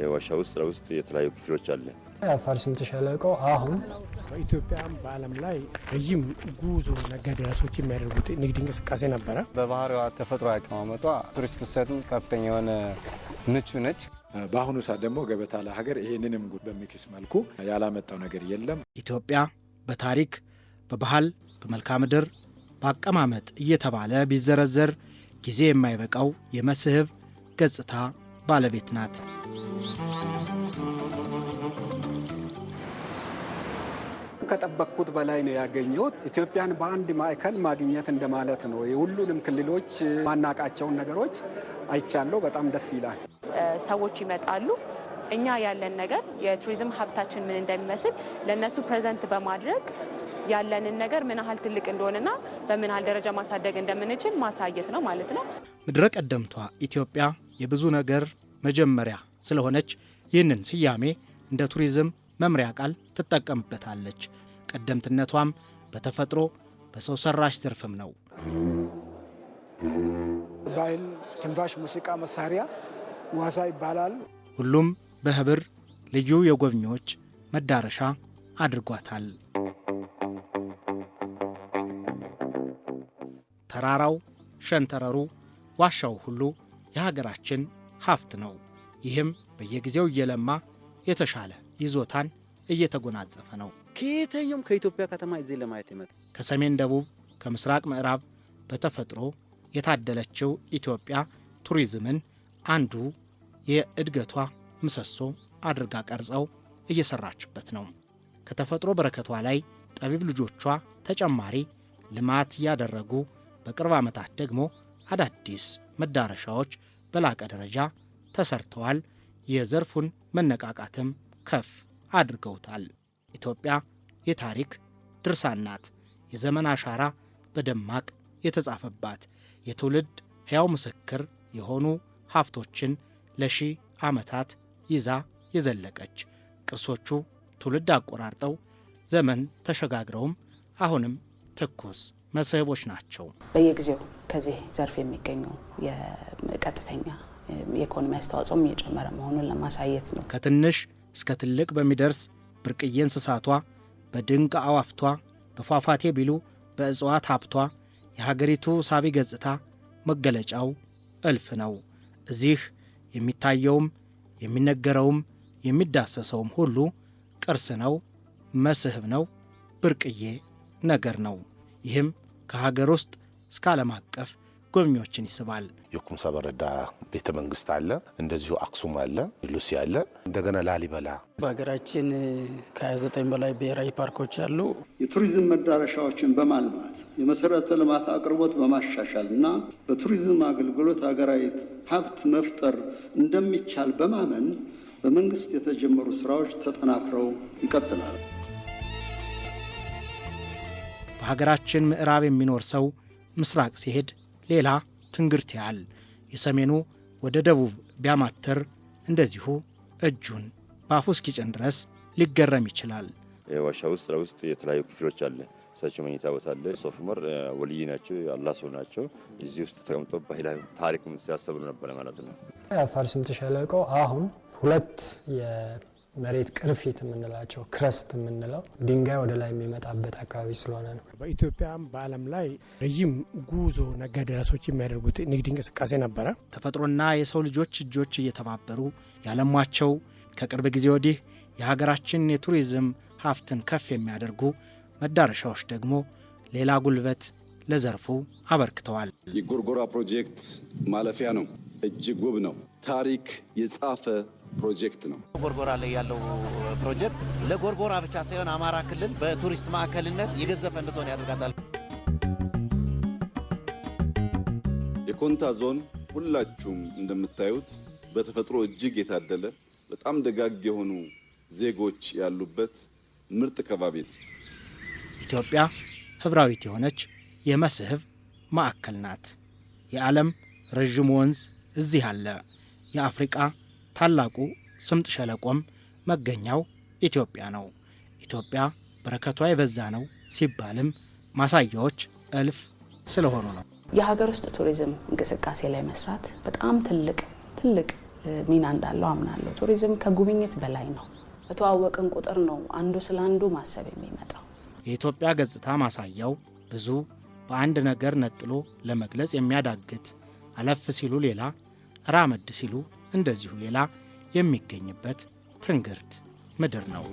የዋሻ ውስጥ ለውስጥ የተለያዩ ክፍሎች አለ። የአፋር ስምጥ ሸለቆ አሁን በኢትዮጵያም በዓለም ላይ ረዥም ጉዞ ነጋዴ የሚያደርጉት ንግድ እንቅስቃሴ ነበረ። በባህሪዋ ተፈጥሮ አቀማመጧ ቱሪስት ፍሰትን ከፍተኛ የሆነ ምቹ ነች። በአሁኑ ሰዓት ደግሞ ገበታ ለሀገር ይህንንም በሚክስ መልኩ ያላመጣው ነገር የለም። ኢትዮጵያ በታሪክ በባህል፣ በመልክዓ ምድር፣ በአቀማመጥ እየተባለ ቢዘረዘር ጊዜ የማይበቃው የመስህብ ገጽታ ባለቤት ናት። ከጠበቅኩት በላይ ነው ያገኘሁት። ኢትዮጵያን በአንድ ማዕከል ማግኘት እንደማለት ነው። የሁሉንም ክልሎች ማናቃቸውን ነገሮች አይቻለሁ። በጣም ደስ ይላል። ሰዎች ይመጣሉ። እኛ ያለን ነገር የቱሪዝም ሀብታችን ምን እንደሚመስል ለእነሱ ፕሬዘንት በማድረግ ያለንን ነገር ምን ያህል ትልቅ እንደሆነና በምን ያህል ደረጃ ማሳደግ እንደምንችል ማሳየት ነው ማለት ነው። ምድረ ቀደምቷ ኢትዮጵያ የብዙ ነገር መጀመሪያ ስለሆነች ይህንን ስያሜ እንደ ቱሪዝም መምሪያ ቃል ትጠቀምበታለች። ቀደምትነቷም በተፈጥሮ በሰው ሰራሽ ዘርፍም ነው። ባህል ትንፋሽ ሙዚቃ መሳሪያ ዋሳ ይባላል። ሁሉም በህብር ልዩ የጎብኚዎች መዳረሻ አድርጓታል። ተራራው፣ ሸንተረሩ፣ ዋሻው ሁሉ የሀገራችን ሀብት ነው። ይህም በየጊዜው እየለማ የተሻለ ይዞታን እየተጎናጸፈ ነው። ከየተኛውም ከኢትዮጵያ ከተማ እዚህ ለማየት ይመጣ። ከሰሜን ደቡብ፣ ከምስራቅ ምዕራብ በተፈጥሮ የታደለችው ኢትዮጵያ ቱሪዝምን አንዱ የእድገቷ ምሰሶ አድርጋ ቀርጸው እየሰራችበት ነው። ከተፈጥሮ በረከቷ ላይ ጠቢብ ልጆቿ ተጨማሪ ልማት እያደረጉ በቅርብ ዓመታት ደግሞ አዳዲስ መዳረሻዎች በላቀ ደረጃ ተሰርተዋል። የዘርፉን መነቃቃትም ከፍ አድርገውታል። ኢትዮጵያ የታሪክ ድርሳን ናት። የዘመን አሻራ በደማቅ የተጻፈባት የትውልድ ሕያው ምስክር የሆኑ ሀብቶችን ለሺህ ዓመታት ይዛ የዘለቀች ቅርሶቹ ትውልድ አቆራርጠው ዘመን ተሸጋግረውም አሁንም ትኩስ መስህቦች ናቸው። በየጊዜው ከዚህ ዘርፍ የሚገኘው የቀጥተኛ የኢኮኖሚ አስተዋጽኦም እየጨመረ መሆኑን ለማሳየት ነው። ከትንሽ እስከ ትልቅ በሚደርስ ብርቅዬ እንስሳቷ፣ በድንቅ አዋፍቷ፣ በፏፏቴ ቢሉ፣ በእጽዋት ሀብቷ የሀገሪቱ ሳቢ ገጽታ መገለጫው እልፍ ነው። እዚህ የሚታየውም የሚነገረውም የሚዳሰሰውም ሁሉ ቅርስ ነው፣ መስህብ ነው፣ ብርቅዬ ነገር ነው። ይህም ከሀገር ውስጥ እስከ ዓለም አቀፍ ጎብኚዎችን ይስባል። የኩምሳ በረዳ ቤተ መንግስት አለ፣ እንደዚሁ አክሱም አለ፣ ሉሲ አለ፣ እንደገና ላሊበላ። በሀገራችን ከ29 በላይ ብሔራዊ ፓርኮች አሉ። የቱሪዝም መዳረሻዎችን በማልማት የመሰረተ ልማት አቅርቦት በማሻሻል እና በቱሪዝም አገልግሎት ሀገራዊ ሀብት መፍጠር እንደሚቻል በማመን በመንግስት የተጀመሩ ስራዎች ተጠናክረው ይቀጥላል። በሀገራችን ምዕራብ የሚኖር ሰው ምስራቅ ሲሄድ ሌላ ትንግርት ያል የሰሜኑ ወደ ደቡብ ቢያማትር እንደዚሁ እጁን በአፉ እስኪጭን ድረስ ሊገረም ይችላል። ዋሻ ውስጥ ለውስጥ የተለያዩ ክፍሎች አለ። እሳቸው መኝታ ቦታ አለ። ሶፍ ወልይ ናቸው፣ አላህ ሰው ናቸው። እዚህ ውስጥ ተቀምጦ ባህላዊ ታሪክ ሲያስተብሉ ነበረ ማለት ነው። የአፋር ስምጥ ሸለቆ አሁን ሁለት መሬት ቅርፊት የምንላቸው ክረስት የምንለው ድንጋይ ወደ ላይ የሚመጣበት አካባቢ ስለሆነ ነው። በኢትዮጵያም በዓለም ላይ ረዥም ጉዞ ነጋዴ ራሶች የሚያደርጉት ንግድ እንቅስቃሴ ነበረ። ተፈጥሮና የሰው ልጆች እጆች እየተባበሩ ያለሟቸው ከቅርብ ጊዜ ወዲህ የሀገራችን የቱሪዝም ሀብትን ከፍ የሚያደርጉ መዳረሻዎች ደግሞ ሌላ ጉልበት ለዘርፉ አበርክተዋል። የጎርጎራ ፕሮጀክት ማለፊያ ነው። እጅግ ውብ ነው። ታሪክ የጻፈ ፕሮጀክት ነው። ጎርጎራ ላይ ያለው ፕሮጀክት ለጎርጎራ ብቻ ሳይሆን አማራ ክልል በቱሪስት ማዕከልነት የገዘፈ እንድትሆን ያደርጋታል። የኮንታ ዞን ሁላችሁም እንደምታዩት በተፈጥሮ እጅግ የታደለ በጣም ደጋግ የሆኑ ዜጎች ያሉበት ምርጥ ከባቢ ነው። ኢትዮጵያ ህብራዊት የሆነች የመስህብ ማዕከል ናት። የዓለም ረዥም ወንዝ እዚህ አለ። የአፍሪቃ ታላቁ ስምጥ ሸለቆም መገኛው ኢትዮጵያ ነው። ኢትዮጵያ በረከቷ የበዛ ነው ሲባልም ማሳያዎች እልፍ ስለሆኑ ነው። የሀገር ውስጥ ቱሪዝም እንቅስቃሴ ላይ መስራት በጣም ትልቅ ትልቅ ሚና እንዳለው አምናለሁ። ቱሪዝም ከጉብኝት በላይ ነው። በተዋወቅን ቁጥር ነው አንዱ ስለ አንዱ ማሰብ የሚመጣው። የኢትዮጵያ ገጽታ ማሳያው ብዙ በአንድ ነገር ነጥሎ ለመግለጽ የሚያዳግት አለፍ ሲሉ ሌላ ራመድ ሲሉ እንደዚሁ ሌላ የሚገኝበት ትንግርት ምድር ነው።